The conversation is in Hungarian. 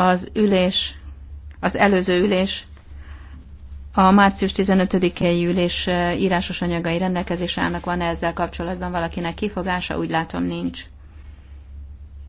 az ülés, az előző ülés a március 15-i ülés eh, írásos anyagai rendelkezés állnak. Van-e ezzel kapcsolatban valakinek kifogása? Úgy látom, nincs.